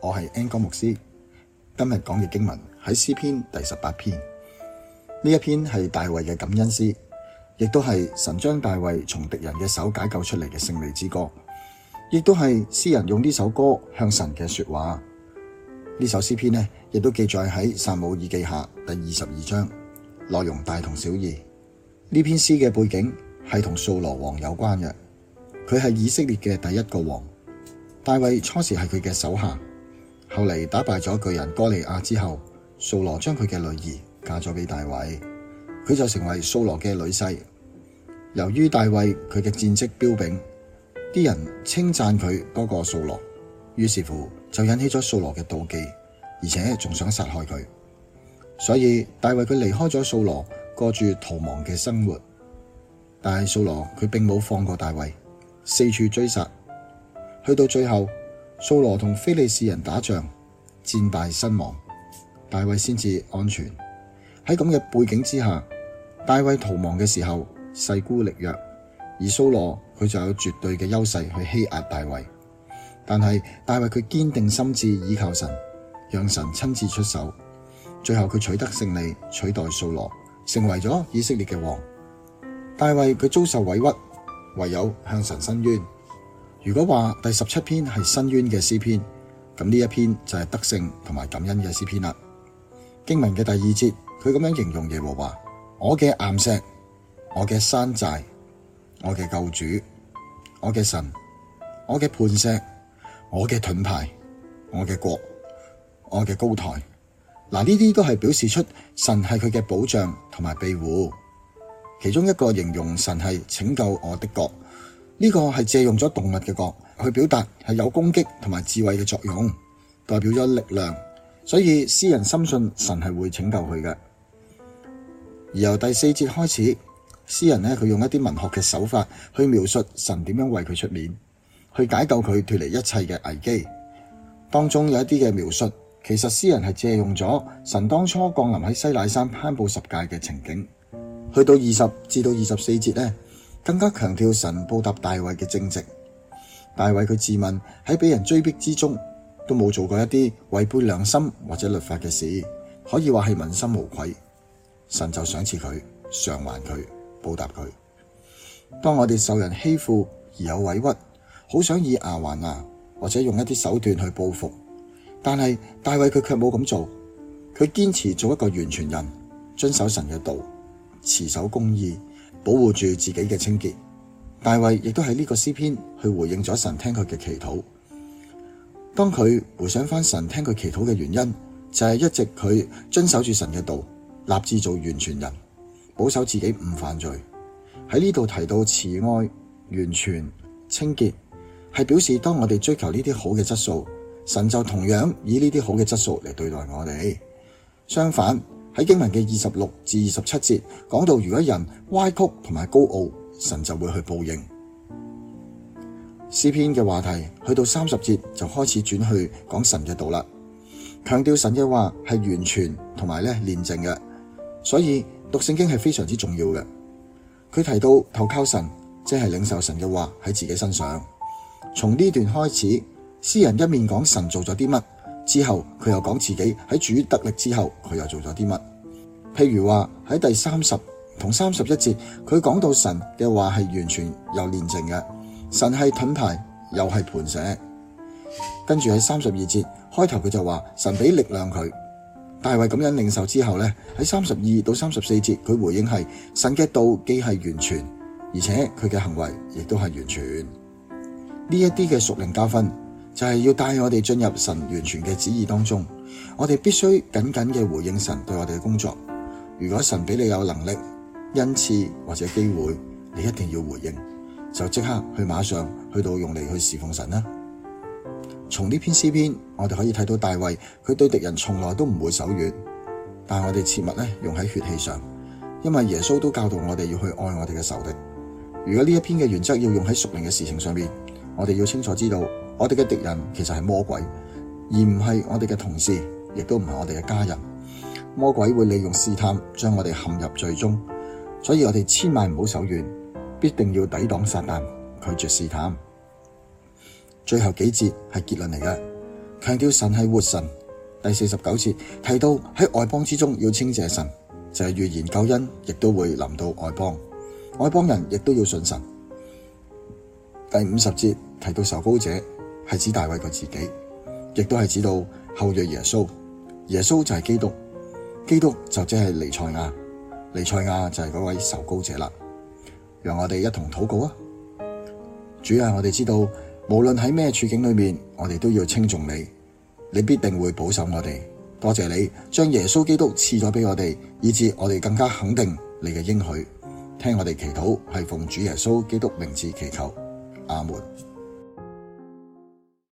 我係濠光牧師，今日講嘅經文喺詩篇第十八篇。呢一篇係大衛嘅感恩詩，亦都係神將大衛從敵人嘅手解救出嚟嘅勝利之歌，亦都係詩人用呢首歌向神嘅說話。呢首詩篇呢，亦都記載喺撒母耳記下第二十二章，內容大同小異。呢篇詩嘅背景係同掃羅王有關嘅，佢係以色列嘅第一個王。大衛初時係佢嘅手下。後嚟打敗咗巨人哥利亞之後，掃羅將佢嘅女兒嫁咗俾大衛，佢就成為掃羅嘅女婿。由於大衛佢嘅戰績彪炳，啲人稱讚佢多過掃羅，於是乎就引起咗掃羅嘅妒忌，而且仲想殺害佢。所以大衛佢離開咗掃羅，過住逃亡嘅生活。但係掃羅佢並冇放過大衛，四處追殺，去到最後。掃羅同非利士人打仗，戰敗身亡，大衛先至安全。喺咁嘅背景之下，大衛逃亡嘅時候勢孤力弱，而掃羅佢就有絕對嘅優勢去欺壓大衛。但係大衛佢堅定心志，倚靠神，讓神親自出手，最後佢取得勝利，取代掃羅，成為咗以色列嘅王。大衛佢遭受委屈，唯有向神伸冤。如果話第十七篇係申冤嘅詩篇，咁呢一篇就係得勝同埋感恩嘅詩篇啦。經文嘅第二節，佢咁樣形容耶和華：我嘅巖石，我嘅山寨，我嘅救主，我嘅神，我嘅磐石，我嘅盾、盾牌，我嘅角，我嘅高台。嗱，呢啲都係表示出神係佢嘅保障同埋庇護。其中一個形容神係拯救我的角。呢個係借用咗動物嘅角去表達，係有攻擊同埋智慧嘅作用，代表咗力量。所以詩人深信神係會拯救佢嘅。而由第四節開始，詩人咧，佢用一啲文學嘅手法去描述神點樣為佢出面，去解救佢脱離一切嘅危機。當中有一啲嘅描述，其實詩人係借用咗神當初降臨喺西乃山頒布十誡嘅情景。去到二十至到二十四節咧。更加強調神報答大衛嘅正直，大衛佢自問喺被人追逼之中都冇做過一啲違背良心或者律法嘅事，可以話係問心無愧，神就賞賜佢，償還佢，報答佢。當我哋受人欺負而有委屈，好想以牙還牙或者用一啲手段去報復，但係大衛佢卻冇咁做，佢堅持做一個完全人，遵守神嘅道，持守公義。保護住自己嘅清潔，大衛亦都喺呢個詩篇去回應咗神聽佢嘅祈禱。當佢回想返神聽佢祈禱嘅原因，就係一直佢遵守住神嘅道，立志做完全人，保守自己唔犯罪。喺呢度提到慈愛、完全、清潔，係表示當我哋追求呢啲好嘅質素，神就同樣以呢啲好嘅質素嚟對待我哋。相反，喺經文嘅二十六至二十七節講到，如果人歪曲同埋高傲，神就會去報應。詩篇嘅話題去到三十節就開始轉去講神嘅道啦，強調神嘅話係完全同埋煉淨嘅，所以讀聖經係非常之重要嘅。佢提到投靠神，即係領受神嘅話喺自己身上。從呢段開始，詩人一面講神做咗啲乜。之後佢又講自己喺主得力之後，佢又做咗啲乜？譬如話喺第三十同三十一節佢講到神嘅話係完全又煉淨嘅，神係盾牌又係磐石。跟住喺三十二節開頭佢就話神俾力量佢，大衛咁樣領受之後咧，喺三十二到三十四節佢回應係神嘅道既係完全，而且佢嘅行為亦都係完全。呢一啲嘅屬靈加分，就係要帶我哋進入神完全嘅旨意當中。我哋必須緊緊嘅回應神對我哋嘅工作。如果神俾你有能力恩賜或者機會，你一定要回應，就即刻去馬上去到用嚟，去侍奉神啦。從呢篇詩篇，我哋可以睇到大衛佢對敵人從來都唔會手軟，但我哋切勿用喺血氣上，因為耶穌都教導我哋要去愛我哋嘅仇敵。如果呢一篇嘅原則要用喺屬靈嘅事情上面，我哋要清楚知道。我哋嘅敵人其實係魔鬼，而唔係我哋嘅同事，亦都唔係我哋嘅家人。魔鬼會利用試探將我哋陷入最終，所以我哋千萬唔好手軟，必定要抵擋撒旦，拒絕試探。最後幾節係結論嚟嘅，強調神係活神。第四十九節提到喺外邦之中要稱謝神，就係、是、預言救恩亦都會臨到外邦。外邦人亦都要信神。第五十節提到受膏者。係指大衛佢自己，亦都係指到後裔耶穌，耶穌就係基督，基督就即係尼賽亞，尼賽亞就係嗰位受膏者啦。讓我哋一同禱告啊！主啊，我哋知道無論喺咩處境裏面，我哋都要稱重你，你必定會保守我哋。多謝你將耶穌基督賜咗俾我哋，以致我哋更加肯定你嘅應許。聽我哋祈禱係奉主耶穌基督名字祈求，阿門。